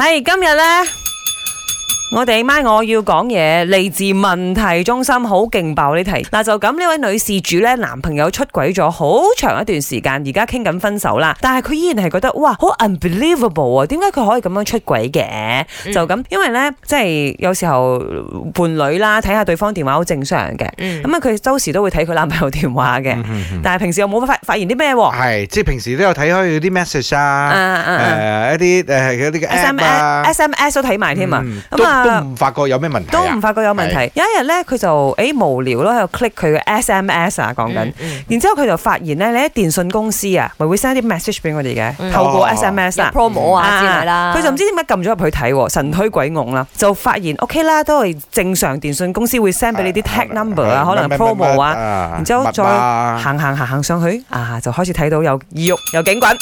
係、哎、今日咧。我哋 MY 我要講嘢嚟，自問題中心好勁爆呢，題嗱，就咁呢，位女事主咧，男朋友出軌咗好長一段時間，而家傾緊分手啦，但係佢依然係覺得哇，好 unbelievable 啊，點解佢可以咁樣出軌嘅。就咁因為咧，即係有時候伴侶啦，睇下對方電話好正常嘅，咁啊佢周時都會睇佢男朋友電話嘅，但係平時又冇發發現啲咩喎。係即係平時都有睇開有啲 message 啊，一啲啲 sms sms 都睇埋添啊咁啊，都唔發覺有咩問題，都唔發覺有問題。有一日咧，佢就誒無聊咯，喺度 click 佢嘅 SMS 啊，講緊。然之後佢就發現咧，你喺電信公司啊，咪會 send 啲 message 俾我哋嘅，透過 SMS 啊 promo 啊，佢就唔知點解撳咗入去睇，神推鬼㧬啦，就發現 OK 啦，都係正常。電信公司會 send 俾你啲 TAC number 啊，可能 promo 啊，然之後再行行行行上去啊，就開始睇到有依郁有警棍，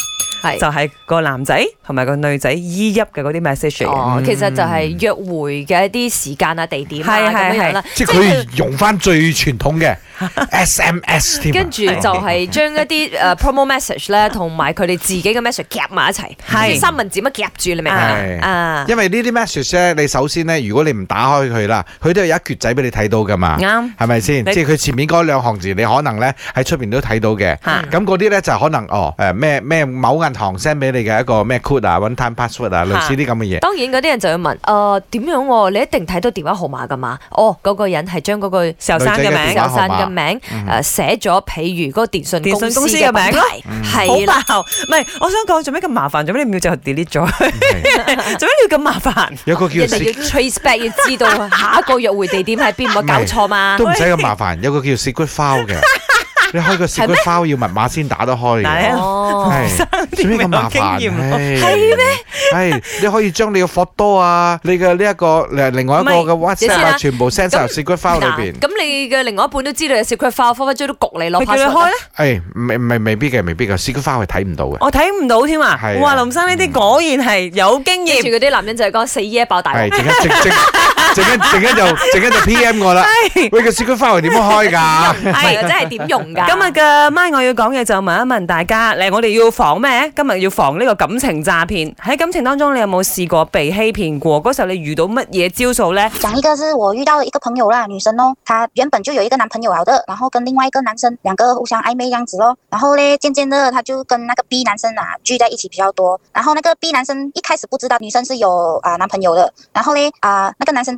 係就係個男仔同埋個女仔依郁嘅嗰啲 message。哦，其實就係約會。嘅一啲時間啊、地點啊咁樣啦，即係佢用翻最傳統嘅。S M S，跟住就係將一啲誒 promo message 咧，同埋佢哋自己嘅 message 夾埋一齊，係三文治咁夾住，你明唔明？啊，因為呢啲 message 咧，你首先咧，如果你唔打開佢啦，佢都有一缺仔俾你睇到噶嘛。啱，係咪先？即係佢前面嗰兩行字，你可能咧喺出面都睇到嘅。咁嗰啲咧就可能哦誒咩咩某銀行 send 俾你嘅一個咩 code 啊，one time password 啊，類似啲咁嘅嘢。當然嗰啲人就要問誒點樣喎？你一定睇到電話號碼噶嘛？哦，嗰個人係將嗰句石生嘅名。名誒、嗯、寫咗，譬如嗰個電信公司嘅名咯，係好爆。唔係的，我想講做咩咁麻煩？做咩你唔要就 delete 咗？做咩是 你要咁麻煩？有個叫、哦、人哋要 Trace Back 要知道下一個約會地點喺邊，唔是搞錯嘛。都唔使咁麻煩， 有個叫 Secret File 嘅。你開個 secure file 要密碼先打得開嘅。林生點解咁麻煩？係咧，係你可以將你嘅 photo 啊，你嘅呢一個誒另外一個嘅 WhatsApp 啊，全部 send 曬入 secure file 裏邊。咁你嘅另外一半都知道有 secure file，可唔可以將啲穀嚟攞？叫佢開咧？誒，未未未必嘅，未必嘅，secure file 係睇唔到嘅。我睇唔到添啊！哇，林生呢啲果然係有經驗。跟住嗰啲男人就係講四爺爆大鑊，點解直直？陣間陣間就陣間就 PM 我啦。 哎、喂， 這個 secure file 點開㗎？係 啊、哎，真係點用㗎？今日嘅 MY 我要講嘢就問一問大家，嚟我哋要防咩？今日要防呢個感情詐騙。喺、哎、感情當中，你有冇試過被欺騙過？嗰時候你遇到乜嘢招數咧？講一個是我遇到一個朋友啦，女生咯，她原本就有一個男朋友嘅，然後跟另外一個男生兩個互相曖昧樣子咯。然後咧，漸漸地，她就跟那個 B 男生啊聚在一起比較多。然後那個 B 男生一開始不知道女生是有啊男朋友嘅。然後咧啊、呃，那個男生。